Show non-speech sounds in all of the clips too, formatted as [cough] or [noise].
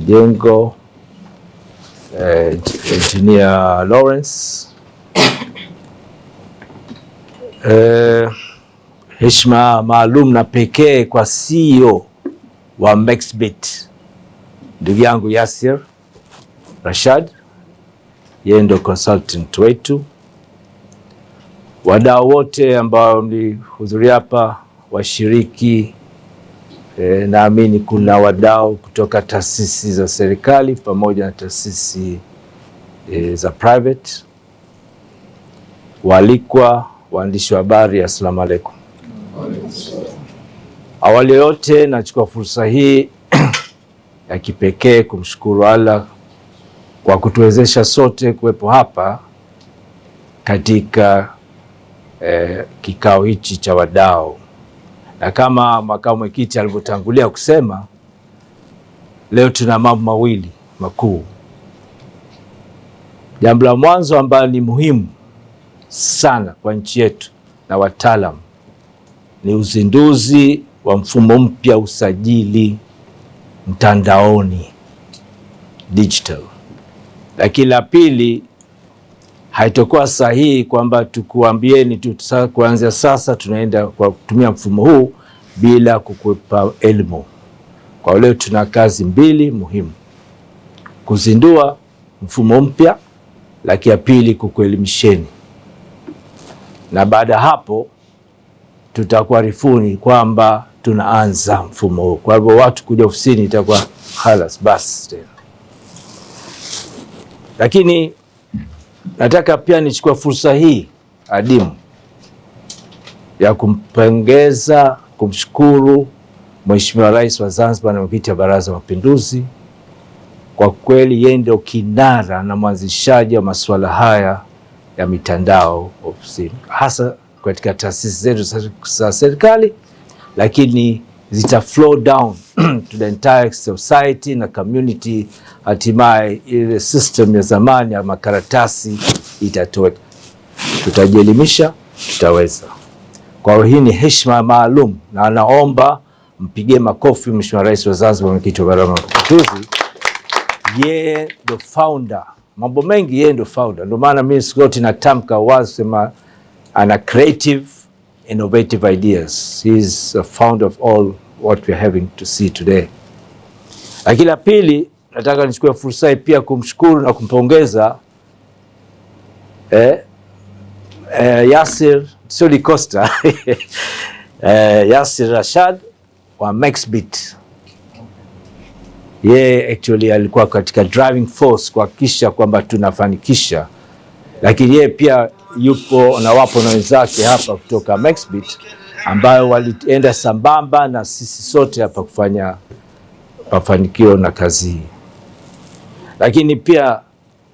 majengo eh, engineer Lawrence eh, heshima maalum na pekee kwa CEO wa Maxbit ndugu yangu Yasir Rashad, yeye ndio consultant wetu. Wadau wote ambao mlihudhuria hapa, washiriki E, naamini kuna wadau kutoka taasisi za serikali pamoja na taasisi e, za private waalikwa, waandishi wa habari, assalamu alaikum. Awali yote nachukua fursa hii [clears throat] ya kipekee kumshukuru Allah kwa kutuwezesha sote kuwepo hapa katika eh, kikao hichi cha wadau na kama makamu mwenyekiti alivyotangulia kusema, leo tuna mambo mawili makuu. Jambo la mwanzo ambalo ni muhimu sana kwa nchi yetu na wataalam ni uzinduzi wa mfumo mpya usajili mtandaoni digital, lakini la pili haitokuwa sahihi kwamba tukuambieni tu kuanzia sasa tunaenda kwa kutumia mfumo huu bila kukupa elimu. Kwa leo tuna kazi mbili muhimu: kuzindua mfumo mpya, lakini ya pili kukuelimisheni, na baada ya hapo tutakuarifuni kwamba tunaanza mfumo huu. Kwa hivyo watu kuja ofisini itakuwa halas basi tena, lakini Nataka pia nichukue fursa hii adimu ya kumpongeza, kumshukuru Mheshimiwa Rais wa Zanzibar na mwenyekiti wa Baraza la Mapinduzi. Kwa kweli yeye ndio kinara na mwanzishaji wa masuala haya ya mitandao ofisini, hasa katika taasisi zetu za serikali, lakini zita flow down [clears throat] to the entire society na community. Hatimaye ile system ya zamani ya makaratasi itatoweka. Tutajielimisha, tutaweza. Kwa hiyo hii ni heshima maalum, na naomba mpige makofi Mheshimiwa Rais wa Zanzibar, mwenyekiti wa Baraza la Mapinduzi. Yeye ndo founder mambo mengi, yeye ndo founder. Ndio maana mimi siku yote natamka wazi sema ana creative innovative ideas. He is the founder of all what we are having to see today. Lakini la pili, nataka nichukue fursa hii pia kumshukuru na kumpongeza eh, eh, Yasir Sudi Costa [laughs] eh, Yasir Rashad wa Maxbit. Yeye actually alikuwa katika driving force kuhakikisha kwamba tunafanikisha, lakini yeye pia yupo na wapo na wenzake hapa kutoka Maxbit ambayo walienda sambamba na sisi sote hapa kufanya mafanikio na kazi hii, lakini pia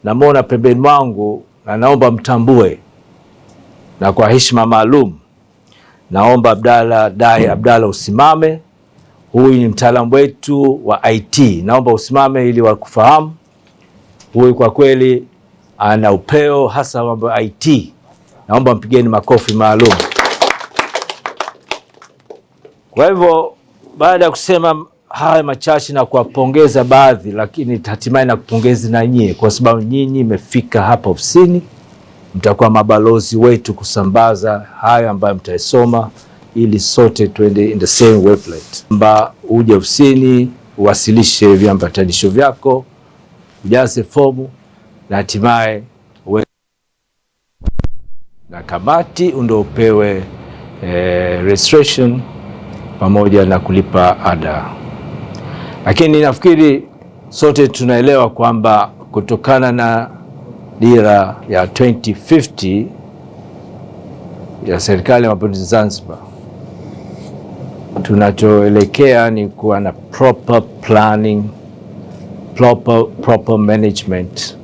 namwona pembeni mwangu na naomba mtambue, na kwa heshima maalum naomba Abdalla Dai Abdalla usimame. Huyu ni mtaalamu wetu wa IT, naomba usimame ili wakufahamu. Huyu kwa kweli ana upeo hasa mambo ya IT. Naomba mpigeni makofi maalum. Kwa hivyo baada ya kusema haya machache na kuwapongeza baadhi, lakini hatimaye na kupongezi na nyie kwa sababu nyinyi mmefika hapa ofisini, mtakuwa mabalozi wetu kusambaza haya ambayo mtaisoma, ili sote tuende in the same wavelength, Mba uje ofisini uwasilishe viambatanisho vyako, ujaze fomu na hatimaye na kamati ndio upewe eh, registration pamoja na kulipa ada. Lakini nafikiri sote tunaelewa kwamba kutokana na dira ya 2050 ya Serikali ya Mapinduzi Zanzibar, tunachoelekea ni kuwa na proper planning, proper, proper management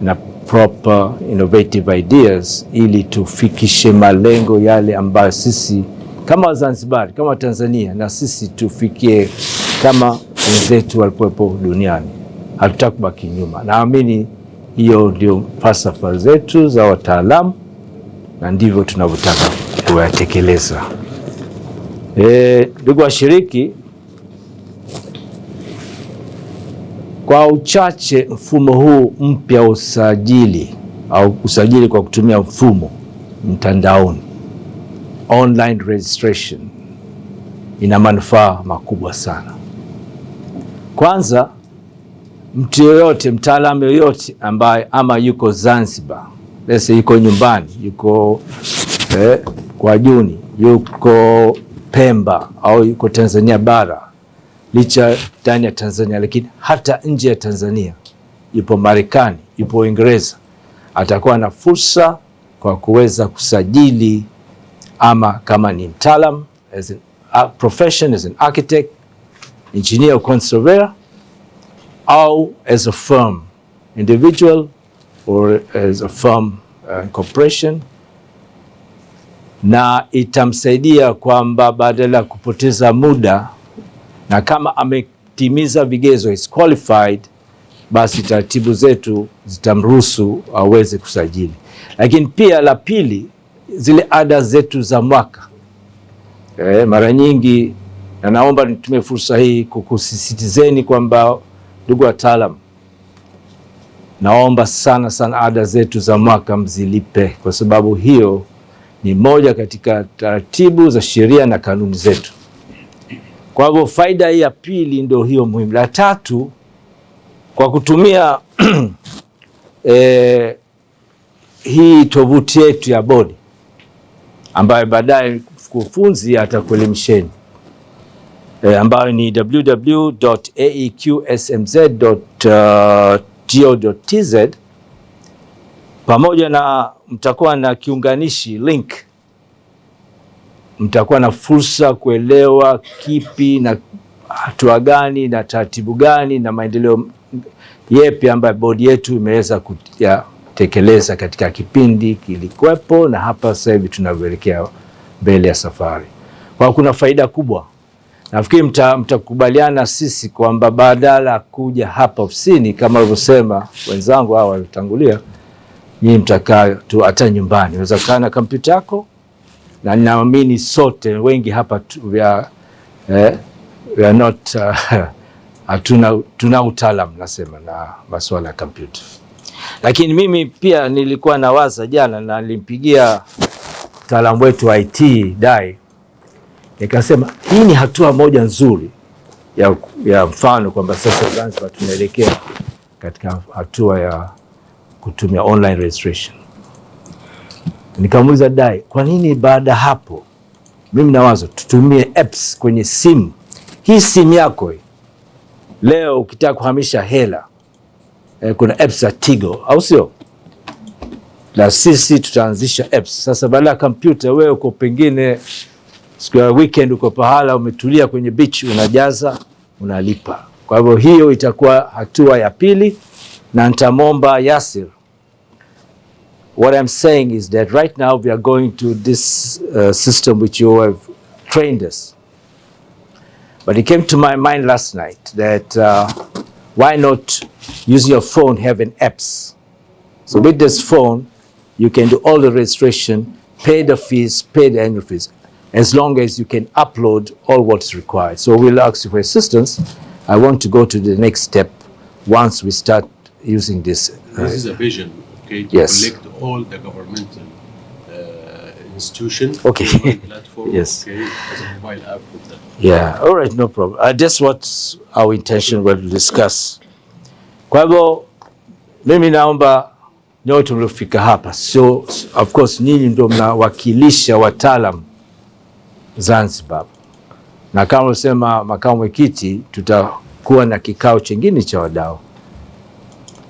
na proper innovative ideas ili tufikishe malengo yale ambayo sisi kama Wazanzibari kama Tanzania na sisi tufikie kama wenzetu walikuwepo duniani. Hatutakubaki nyuma. Naamini hiyo ndio falsafa zetu za wataalamu na ndivyo tunavyotaka kuyatekeleza. Eh, ndugu e, washiriki, Kwa uchache mfumo huu mpya usajili au usajili kwa kutumia mfumo mtandaoni, online registration, ina manufaa makubwa sana. Kwanza, mtu yoyote, mtaalamu yoyote ambaye ama yuko Zanzibar, lese yuko nyumbani, yuko eh, kwa juni, yuko Pemba au yuko Tanzania bara licha ndani ya Tanzania, lakini hata nje ya Tanzania, ipo Marekani, ipo Uingereza, atakuwa na fursa kwa kuweza kusajili ama kama ni mtaalam as a profession as an architect engineer or conservator au as a firm individual or as a firm uh, corporation na itamsaidia kwamba badala ya kupoteza muda na kama ametimiza vigezo is qualified, basi taratibu zetu zitamruhusu aweze kusajili. Lakini pia la pili, zile ada zetu za mwaka eh, mara nyingi, na naomba nitumie fursa hii kukusisitizeni kwamba ndugu wataalam, naomba sana sana ada zetu za mwaka mzilipe, kwa sababu hiyo ni moja katika taratibu za sheria na kanuni zetu. Kwa hivyo faida hii ya pili ndio hiyo muhimu. La tatu, kwa kutumia e, [clears throat] hii tovuti yetu ya bodi ambayo baadaye mkufunzi atakuelimisheni e, ambayo ni www.aeqsmz.go.tz e uh, pamoja na mtakuwa na kiunganishi link mtakuwa na fursa kuelewa kipi na hatua gani na taratibu gani na maendeleo yepi ambayo bodi yetu imeweza kuyatekeleza katika kipindi kilikwepo na hapa sasa hivi tunavyoelekea mbele ya safari. Kwa kuna faida kubwa, nafikiri mtakubaliana mta sisi kwamba badala ya kuja hapa ofisini kama walivyosema wenzangu hao waliotangulia, nyinyi mtakaa tu hata nyumbani, unaweza kukaa na kompyuta yako na ninaamini sote wengi hapa we are, eh, we are not uh, [laughs] tuna utaalamu nasema na masuala ya kompyuta, lakini mimi pia nilikuwa nawaza jana na nilimpigia mtaalamu wetu wa IT Dai nikasema hii ni hatua moja nzuri ya, ya mfano kwamba sasa Zanzibar tunaelekea katika hatua ya kutumia online registration. Nikamuuliza dai, kwa nini baada hapo, mimi na wazo tutumie apps kwenye simu hii, simu yako leo ukitaka kuhamisha hela eh, kuna apps za Tigo, au sio? Na sisi tutaanzisha apps sasa, badala ya kompyuta. Wewe uko pengine siku ya weekend, uko pahala umetulia kwenye beach, unajaza unalipa. Kwa hivyo hiyo itakuwa hatua ya pili, na nitamwomba Yasir What I'm saying is that right now we are going to this uh, system which you have trained us. But it came to my mind last night that uh, why not use your phone having apps? So with this phone, you can do all the registration, pay the fees, pay the annual fees, as long as you can upload all what's required. So we'll ask you for assistance. I want to go to the next step once we start using this. Uh, this is a vision okay, to yes. collect all the governmental uh, institution okay. [laughs] platform, yes. okay, as a mobile app with that. Yeah, all right, no problem. Uh, that's what our intention was to discuss. Kwa hivyo mimi naomba nyote mliofika hapa, so of course nyinyi ndio mnawakilisha wataalam Zanzibar, na kama ulivyosema makamu mwenyekiti, tutakuwa na kikao chingine cha wadao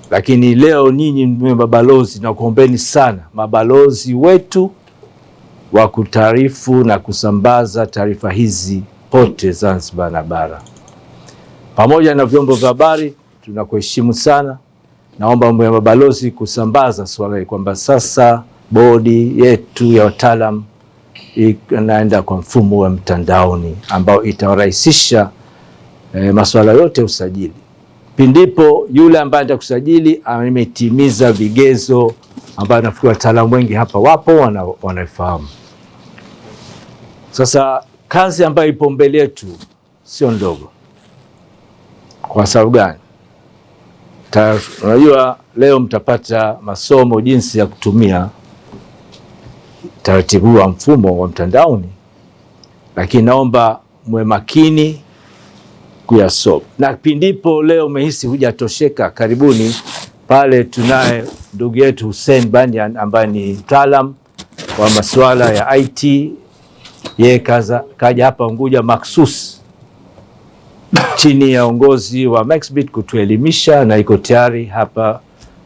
lakini leo nyinyi mwe mabalozi, nakuombeni sana mabalozi wetu wa kutaarifu na kusambaza taarifa hizi pote Zanzibar na bara, pamoja na vyombo vya habari, tunakuheshimu sana. Naomba mwe mabalozi kusambaza swala hili kwamba sasa bodi yetu ya wataalam inaenda kwa mfumo wa mtandaoni ambao itawarahisisha eh, masuala yote ya usajili pindipo yule ambaye atakusajili ametimiza vigezo ambayo nafikiri wataalamu wengi hapa wapo wanaifahamu. Sasa kazi ambayo ipo mbele yetu sio ndogo. Kwa sababu gani? Unajua, leo mtapata masomo jinsi ya kutumia taratibu wa mfumo wa mtandaoni, lakini naomba mwe makini kuyasoma. Na pindipo leo umehisi hujatosheka, karibuni pale. Tunaye ndugu yetu Hussein Banyan ambaye ni mtaalam wa masuala ya IT. Yeye kaja hapa Unguja maksus chini ya uongozi wa Maxbit kutuelimisha na iko tayari hapa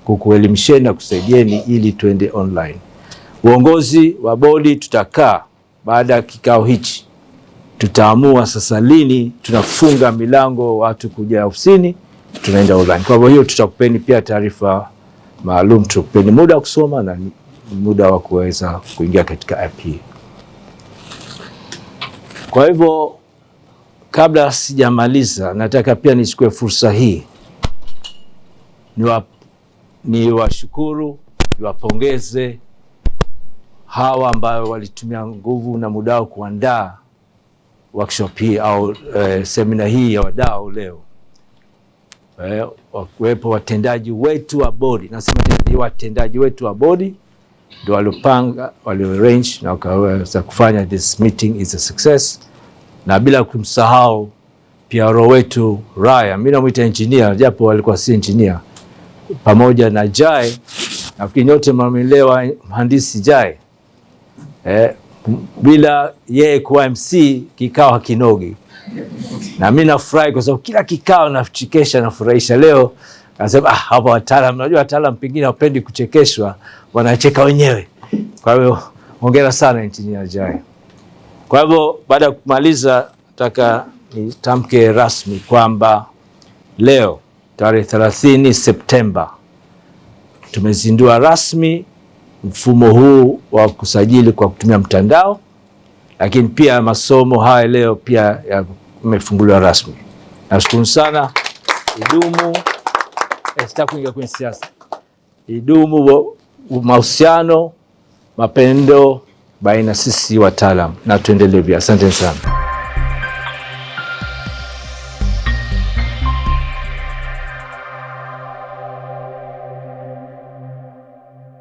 kukuelimisheni na kusaidieni ili tuende online. Uongozi wa bodi tutakaa baada ya kikao hichi tutaamua sasa lini tunafunga milango watu kuja ofisini, tunaenda online. Kwa hiyo tutakupeni pia taarifa maalum, tutakupeni muda wa kusoma na muda wa kuweza kuingia katika app Kwa hivyo kabla sijamaliza, nataka pia nichukue fursa hii niwashukuru, niwapongeze hawa ambao walitumia nguvu na muda wao kuandaa workshop hii au eh, semina hii ya wadau leo eh, wakuwepo watendaji wetu wa bodi, nasema ni watendaji wetu wa bodi ndio waliopanga, arrange na wakaweza kufanya this meeting is a success, na bila kumsahau roho wetu Raya, mimi namuita engineer japo alikuwa si engineer, pamoja na Jai, nafikiri nyote mmemwelewa mhandisi Jai eh, bila yeye kuwa MC kikao hakinogi, na mimi nafurahi kwa sababu kila kikao nachekesha, nafurahisha. Leo nasema ah, hapa wataalamu, najua wataalam pengine hawapendi kuchekeshwa, wanacheka wenyewe. Kwa hivyo hongera sana Injinia Jayo. Kwa hivyo baada ya kumaliza, nataka nitamke rasmi kwamba leo tarehe 30 Septemba tumezindua rasmi mfumo huu wa kusajili kwa kutumia mtandao, lakini pia masomo haya leo pia yamefunguliwa rasmi. Nashukuru sana. Idumu, eh, sitaki kuingia kwenye siasa. Idumu mahusiano, mapendo baina sisi wataalam, na tuendelee. Asanteni sana.